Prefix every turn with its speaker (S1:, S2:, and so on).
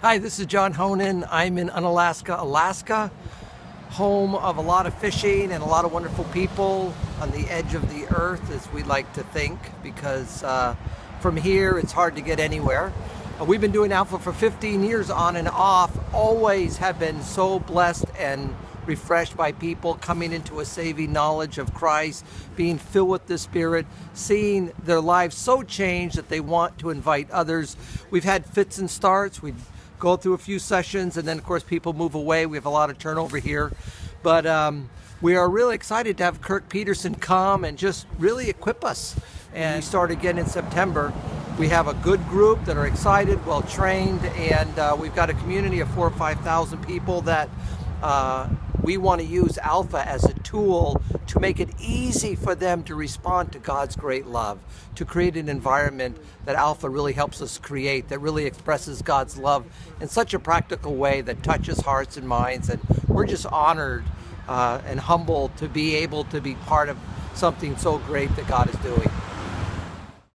S1: Hi, this is John Honan. I'm in Unalaska, Alaska, home of a lot of fishing and a lot of wonderful people on the edge of the earth, as we like to think, because uh, from here it's hard to get anywhere. Uh, we've been doing Alpha for 15 years on and off, always have been so blessed and refreshed by people coming into a saving knowledge of Christ, being filled with the Spirit, seeing their lives so changed that they want to invite others. We've had fits and starts. We've go through a few sessions, and then of course people move away. We have a lot of turnover here, but um, we are really excited to have Kirk Peterson come and just really equip us. And we start again in September. We have a good group that are excited, well trained, and uh, we've got a community of four or five thousand people that. Uh, we want to use alpha as a tool to make it easy for them to respond to God's great love, to create an environment that Alpha really helps us create, that really expresses God's love in such a practical way that touches hearts and minds. And we're just honored uh, and humbled to be able to be part of something so great that God is doing.